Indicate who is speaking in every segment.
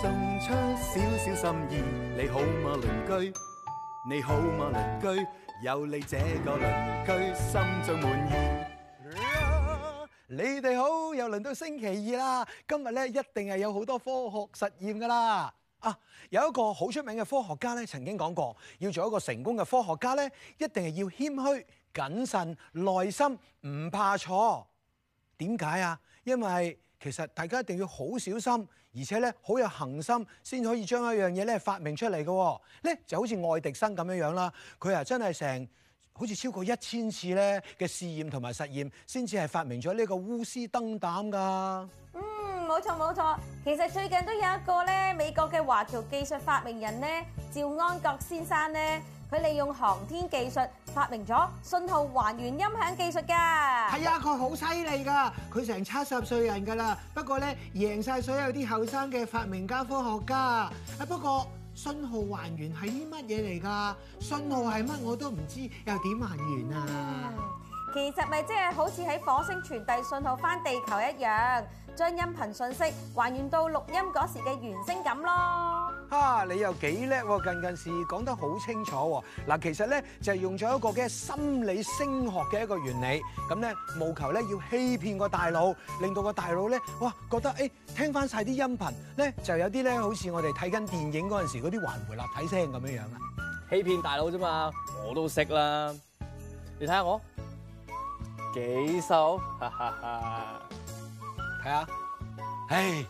Speaker 1: 送出少少心意，你好嗎鄰居？你好嗎鄰居？有你這個鄰居，心中滿意。啊，你哋好，又輪到星期二啦！今日咧一定係有好多科學實驗噶啦。啊，有一個好出名嘅科學家咧，曾經講過，要做一個成功嘅科學家咧，一定係要謙虛、謹慎、耐心，唔怕錯。點解啊？因為其實大家一定要好小心。而且咧好有恆心，先可以將一樣嘢咧發明出嚟嘅咧，就像好似愛迪生咁樣樣啦。佢啊真係成好似超過一千次咧嘅試驗同埋實驗，先至係發明咗呢個烏絲燈膽㗎。嗯，冇錯冇錯。其實最近都有一個咧美國嘅華僑技術發明人咧，趙安國先生咧。佢利用航天技術發明咗信號還原音響技術㗎。係啊，佢好犀利㗎。佢成七十歲的人㗎啦，不過咧贏晒所有啲後生嘅發明家科學家。啊，不過信號還原係啲乜嘢嚟㗎？信號係乜我都唔知，又點還原啊？其實咪即係好似喺火星傳遞信號翻地球一樣，將音頻信息還原到錄音嗰時嘅原聲咁咯。啊，你又幾叻喎！近近時講得好清楚喎。嗱，其實咧就係用咗一個嘅心理聲學嘅一個原理，咁咧務求咧要欺騙個大腦，令到個大腦咧哇覺得誒聽翻晒啲音頻咧就有啲咧好似我哋睇緊電影嗰陣時嗰啲環回立體聲咁樣樣啊！
Speaker 2: 欺騙大佬啫嘛，我都識啦，你睇下我。幾瘦，睇 下，唉，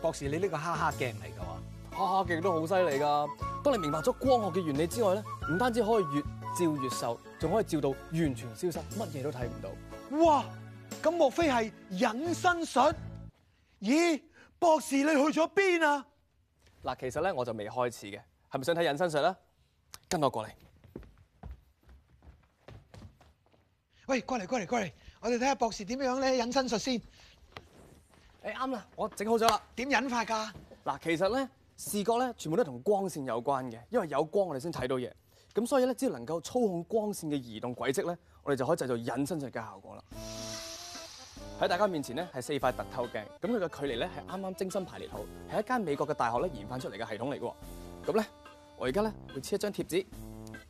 Speaker 2: 博士，你呢個哈哈鏡嚟噶？哈哈鏡都好犀利噶。當你明白咗光學嘅原理之外咧，唔單止可以越照越瘦，仲可以照到完全消失，乜嘢都睇唔
Speaker 1: 到。哇！咁莫非係隱身術？咦，博士，你去咗邊啊？嗱，其
Speaker 2: 實咧我就未開始嘅，係咪想睇隱身術咧？跟我過嚟。
Speaker 1: 喂，過嚟過嚟過嚟，我哋睇下博士點樣咧隱身術先。誒，啱啦，我整好咗啦。點引發㗎？
Speaker 2: 嗱，其實咧視覺咧全部都同光線有關嘅，因為有光我哋先睇到嘢。咁所以咧只要能夠操控光線嘅移動軌跡咧，我哋就可以製造隱身術嘅效果啦。喺大家面前咧係四塊凸透鏡，咁佢嘅距離咧係啱啱精心排列好，係一間美國嘅大學咧研發出嚟嘅系統嚟嘅。咁咧我而家咧會黐一張貼紙，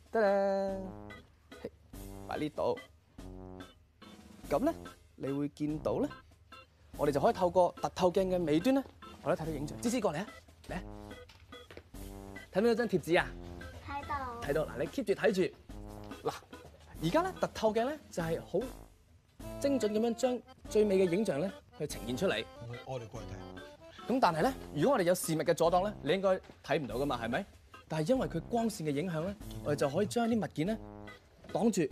Speaker 2: 得啦，擺呢度。咁咧，你會見到咧，我哋就可以透過凸透鏡嘅尾端咧，我哋睇到影像。芝芝過嚟啊，嚟，睇唔到張貼紙啊？睇到，睇到。嗱，你 keep 住睇住。嗱，而家咧凸透鏡咧就係、是、好精準咁樣將最美嘅影像咧去呈現出嚟、
Speaker 1: 嗯。我哋過嚟睇。
Speaker 2: 咁但係咧，如果我哋有視物嘅阻擋咧，你應該睇唔到噶嘛，係咪？但係因為佢光線嘅影響咧，我哋就可以將啲物件咧擋住。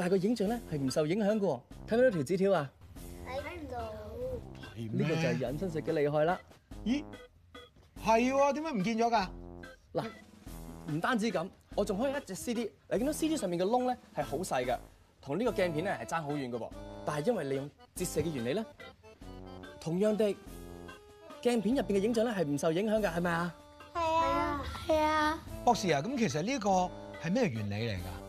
Speaker 2: 但係個影像咧係唔受影響噶，睇唔到條紙條啊？睇唔到。呢個就係隱身石嘅厲害啦。咦？係點解唔見咗噶？嗱、啊，唔單止咁，我仲可以一隻 CD。你見到 CD 上面嘅窿咧係好細嘅，同呢個鏡片咧係爭好遠噶。但係因為你用折射嘅原理咧，同樣的鏡片入邊嘅影像咧係唔受影響噶，係咪啊？係啊，係
Speaker 1: 啊。博士啊，咁其實呢個係咩原理嚟噶？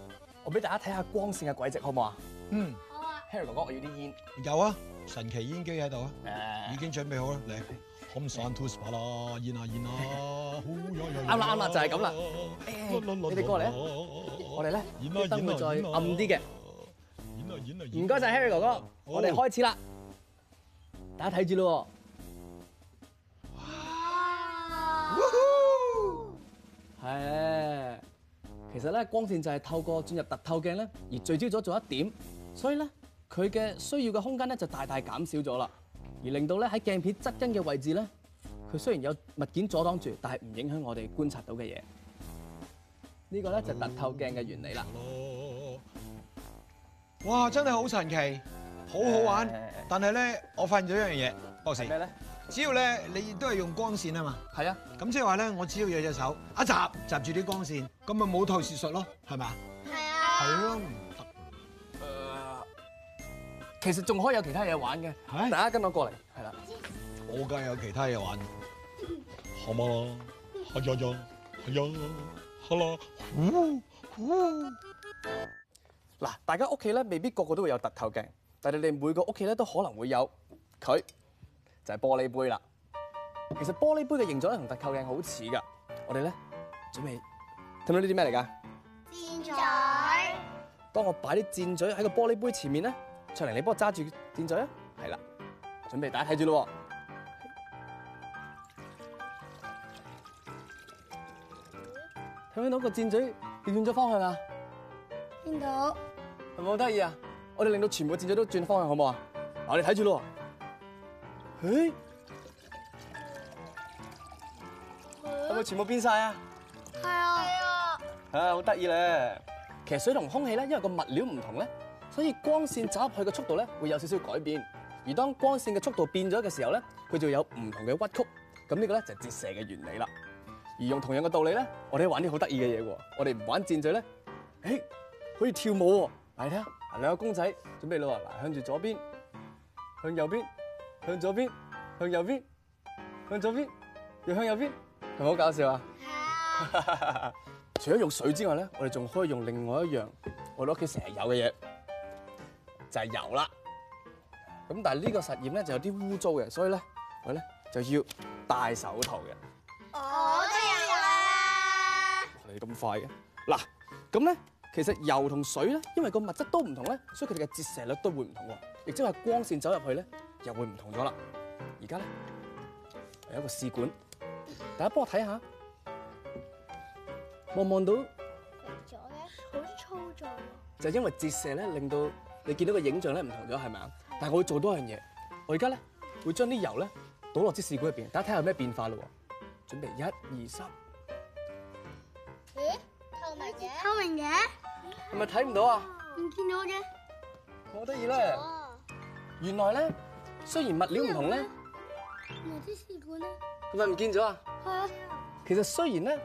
Speaker 1: 俾大家睇下光線嘅軌跡，好唔好啊？嗯。好啊。Harry
Speaker 2: 哥哥，我要啲煙。
Speaker 1: 有啊，神奇煙機喺度啊，已經準備好啦。嚟，come 啦，啱啦啱啦，就係咁啦。你哋過嚟咧、啊，我哋咧，燈會再暗啲嘅。唔該晒 Harry 哥哥，
Speaker 2: 我哋開始啦。大家睇住咯。omez aufge 哇！係。其實咧，光線就係透過進入凸透鏡咧，而聚焦咗做一點，所以咧，佢嘅需要嘅空間咧就大大減少咗啦，而令到咧喺鏡片側邊嘅位置咧，佢雖然有物件阻擋住，但係唔影響我哋觀察到嘅嘢。呢個咧就係凸透鏡嘅原理啦。
Speaker 1: 哇，真係好神奇，好好玩。但係咧，我發現咗一樣嘢，博士。咩咧？只要咧，你都係用光線啊嘛。係啊，咁即係話咧，我只要有隻手一閘閘住啲光線，咁咪冇透視術咯，係咪啊？係啊。係咯，誒、呃，
Speaker 2: 其實仲可以有其他嘢玩嘅。係。大家跟我過嚟，係啦、
Speaker 1: 啊。我梗係有其他嘢玩的，好嗎？好咗咗，好呀，好啦，呼嗱，大
Speaker 2: 家屋企咧未必個個都會有凸透鏡，但係你哋每個屋企咧都可能會有佢。係、就是、玻璃杯啦，其實玻璃杯嘅形狀咧同凸透鏡好似噶。我哋咧準備睇到呢啲咩嚟噶？
Speaker 1: 箭嘴。
Speaker 2: 當我擺啲箭嘴喺個玻璃杯前面咧，卓玲你幫我揸住箭嘴啊。係啦，準備大家睇住咯。睇唔睇到個箭嘴變轉咗方向啊？
Speaker 1: 見到。
Speaker 2: 係咪好得意啊？我哋令到全部箭嘴都轉方向，好唔好啊？嗱，你睇住咯。誒，係咪全部變晒啊？係啊，係啊，吓，好得意咧！其實水同空氣咧，因為個物料唔同咧，所以光綫走入去嘅速度咧會有少少改變。而當光綫嘅速度變咗嘅時候咧，佢就有唔同嘅屈曲。咁呢個咧就係折射嘅原理啦。而用同樣嘅道理咧，我哋玩啲好得意嘅嘢喎。我哋唔玩箭嘴咧，誒，可以跳舞喎。嚟睇下，兩個公仔準備咯，嗱，向住左邊，向右邊。向左邊，向右邊，向左邊，又向右邊，係咪好搞笑啊？係啊！除咗用水之外咧，我哋仲可以用另外一樣我哋屋企成日有嘅嘢，就係油啦。咁但係呢個實驗咧就有啲污糟嘅，所以咧我咧就要戴手套嘅。
Speaker 1: 我都有
Speaker 2: 油啊！你咁快嘅？嗱，咁咧，其實油同水咧，因為個物質都唔同咧，所以佢哋嘅折射率都會唔同喎。亦即係話光線走入去咧。又會唔同咗啦！而家咧有一個試管，大家幫我睇下，望望到。好粗壯啊。就係、因為折射咧，令到你見到個影像咧唔同咗，係咪啊？但係我會做多樣嘢。我而家咧會將啲油咧倒落支試管入邊，大家睇下有咩變化咯。準備一二三。咦、欸？透明嘅，透明嘅。係咪睇唔到啊？唔見到嘅。好得意咧！原來咧。雖然物料唔同咧，啲試管咧，係咪唔見咗啊？其實雖然咧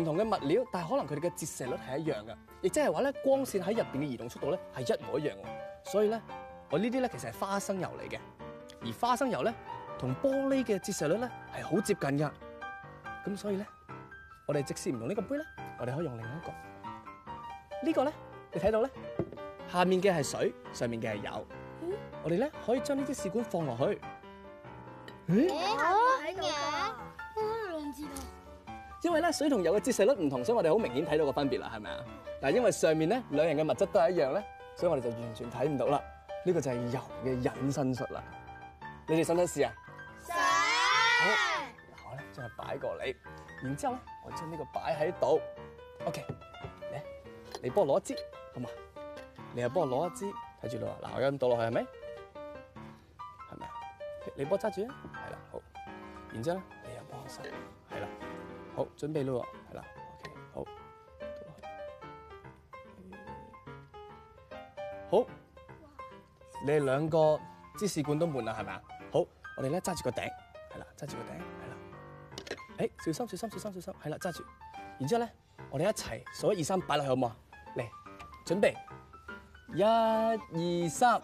Speaker 2: 唔同嘅物料，但係可能佢哋嘅折射率係一樣嘅，亦即係話咧，光線喺入邊嘅移動速度咧係一模一樣喎。所以咧，我呢啲咧其實係花生油嚟嘅，而花生油咧同玻璃嘅折射率咧係好接近㗎。咁所以咧，我哋即使唔用呢個杯咧，我哋可以用另一個。呢個咧，你睇到咧，下面嘅係水，上面嘅係油。我哋咧可以將呢啲試管放落去。咦？我喺度
Speaker 1: 嘅，開兩次啊！
Speaker 2: 因為咧水同油嘅折射率唔同，所以我哋好明顯睇到個分別啦，係咪啊？但，因為上面咧兩人嘅物質都係一樣咧，所以我哋就完全睇唔到啦。呢個就係油嘅隱身術啦。你哋想唔想試啊？想。好，我咧將佢擺過嚟，然之後咧我將呢個擺喺度。OK，嚟，你幫我攞一支，好嘛？你又幫我攞一支，睇住咯。嗱，我一陣倒落去係咪？你幫我揸住啦，係啦，好。然後呢你又幫我手，係啦，好，準備咯，係啦，OK，好。好，你哋兩個芝士罐都滿啦，係嘛？好，我哋咧揸住個頂，係啦，揸住個頂，係啦，誒，小心，小心，小心，小心，係啦，揸住。然之後咧，我哋一齊數一二三擺落去好唔好啊？嚟，準備，一二三，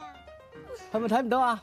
Speaker 2: 係咪睇唔到啊？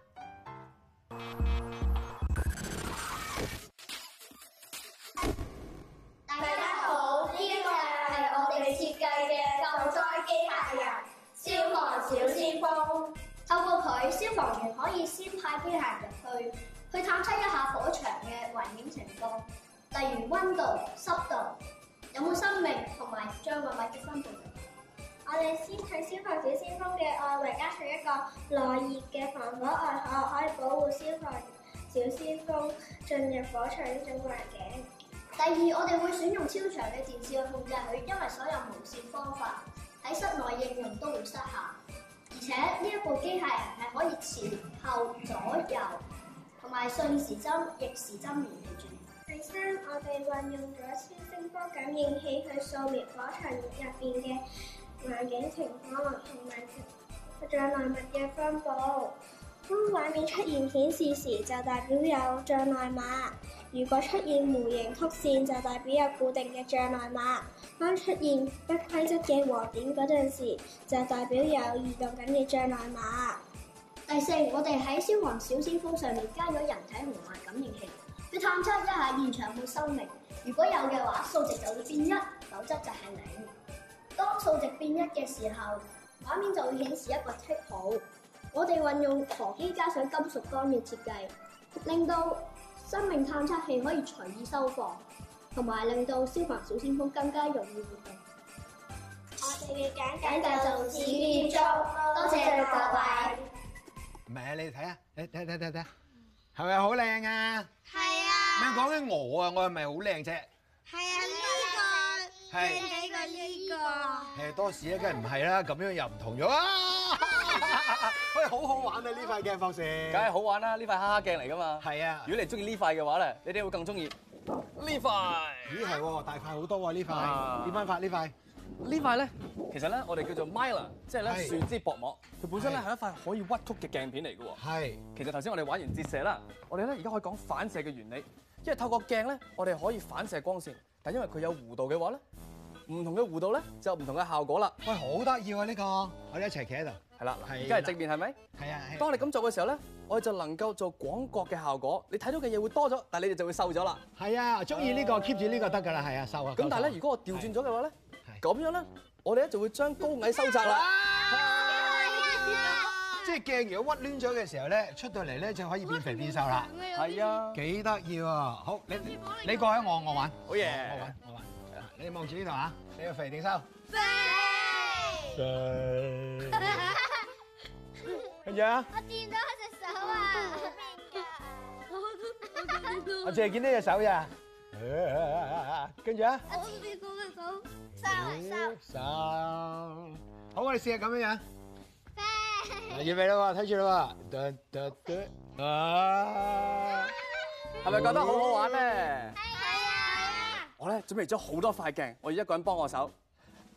Speaker 1: 消防員可以先派兵行入去，去探測一下火場嘅環境情況，例如溫度、濕度，有冇生命同埋將物品嘅分布。 我哋先睇消防小先鋒嘅外圍加上
Speaker 2: 一個耐熱嘅防火外殼，可以保護消防小先鋒
Speaker 1: 進入火場呢種環境。 第二，我哋會選用超長嘅電視去控制佢，因為所有無線方法喺室內應用都會失效。而且呢一部機械人係可以前後左右同埋順時針逆時針移動
Speaker 2: 住。第三，我哋運用咗超聲波感應器去掃描火場入邊嘅環境情況同埋障礙物嘅分布。當畫面出現顯示時，就代表有障礙物。如果出現模型曲線，就代表有固定嘅障礙碼；當出現不規則嘅黃點嗰陣時，就代表有移動緊嘅障礙
Speaker 1: 碼。第四，我哋喺消防小先鋒上面加咗人體紅外感應器，去探測一下現場有冇生命。如果有嘅話，數值就會變一，否則就係零。當數值變一嘅時候，畫面就會顯示一個剔號。我哋運用合金加上金屬光面設計，令到
Speaker 2: 生命探測器可以隨意收放，同
Speaker 1: 埋令到消防小先鋒更加容易活動。我哋嘅講解就止於足，多謝各位。唔係啊，你哋睇下，你睇睇睇睇，係咪好靚啊？係啊。你講緊我啊？我係咪好靚啫？係啊，呢個靚幾個呢個？係多士啊，梗係唔係啦，咁樣又唔同咗。
Speaker 2: 喂，好好玩啊！呢塊鏡放射，梗係好玩啦，啊！呢塊哈哈鏡嚟噶嘛，係啊。如果你中意呢塊嘅話咧，你哋會更中意呢塊。咦，係喎，大塊好多喎，啊、呢、啊、塊。點樣拍
Speaker 1: 呢塊？塊呢塊咧，
Speaker 2: 其實咧，我哋叫做 Mylar，即係咧，樹枝薄膜。佢本身咧係一塊可以屈曲嘅鏡片嚟嘅。係。其實頭先我哋玩完折射啦，我哋咧而家可以講反射嘅原理。因為透過鏡咧，我哋可以反射光線，但因為佢有弧度嘅話咧，唔同嘅弧度咧，就有唔同嘅效果啦。喂、哎，好得意啊呢個！我哋一齊企喺度。
Speaker 1: 係啦，而家係正面係咪？係啊，係。當
Speaker 2: 你咁做嘅時候咧，我哋就能夠做廣角嘅效果，你睇到嘅嘢會多咗，但係你哋就會瘦咗啦。
Speaker 1: 係啊，中意呢個 keep 住呢個得噶啦，係啊，瘦啊。咁但係咧，如果我調轉
Speaker 2: 咗嘅話咧，咁樣咧，我哋咧就會將高矮收窄啦。
Speaker 1: 即係鏡如果屈攣咗嘅時候咧，出到嚟咧就可以變肥變瘦啦。係啊，幾得意啊！好，你你過嚟，我我玩。好嘢，我玩我玩。你望住呢度啊，你要肥定瘦？肥。我見到一隻手啊！我淨係見到隻手啊？跟住啊！我唔見到隻手。三三，好，我哋試下咁樣樣。預備啦喎，睇住啦喎，蹲蹲蹲。啊！係咪覺得好好玩咧？係啊係
Speaker 2: 啊！我咧準備咗好多塊鏡，我要一個人幫我手，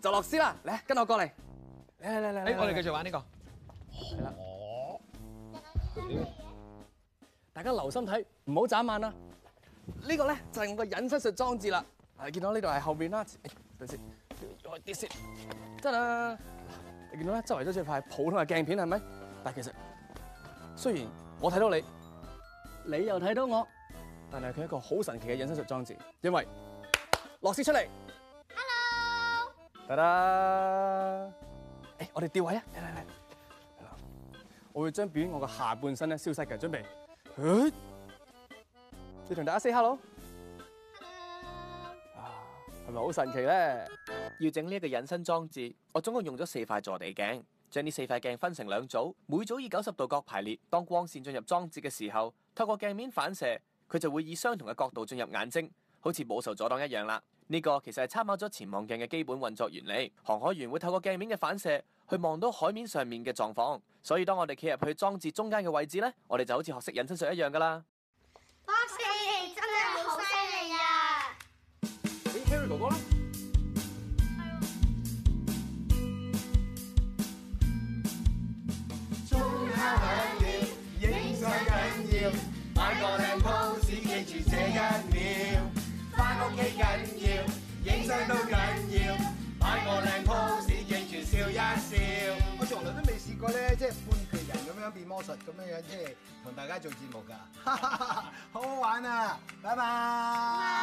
Speaker 2: 就樂師啦，嚟，跟我過嚟。嚟嚟嚟嚟，誒，我哋繼續玩呢個。係啦。大家留心睇，唔好眨眼啦！呢個咧就係我個隱身術裝置啦。啊，見到呢度係後邊啦，等先，跌先，得啦。你見到咧，周圍都似塊普通嘅鏡片，係咪？但係其實雖然我睇到你，你又睇到我，但係佢係一個好神奇嘅隱身術裝置，因為樂師出嚟，hello，得得，誒，我哋調位啊，嚟嚟嚟。我會將表我個下半身咧消失嘅準備。你同大家 say hello 啊，係咪好神奇咧？要整呢一個隱身裝置，我總共用咗四塊坐地鏡，將呢四塊鏡分成兩組，每組以九十度角排列。當光綫進入裝置嘅時候，透過鏡面反射，佢就會以相同嘅角度進入眼睛，好似冇受阻擋一樣啦。呢個其實係參考咗潛望鏡嘅基本運作原理。航海員會透過鏡面嘅反射去望到海面上面嘅狀況。所以當我哋企入去裝置中間嘅位置呢，我哋就好似學識隱身術一樣㗎喇。
Speaker 1: 做節目㗎，哈哈哈，好好玩啊，拜拜，Bye.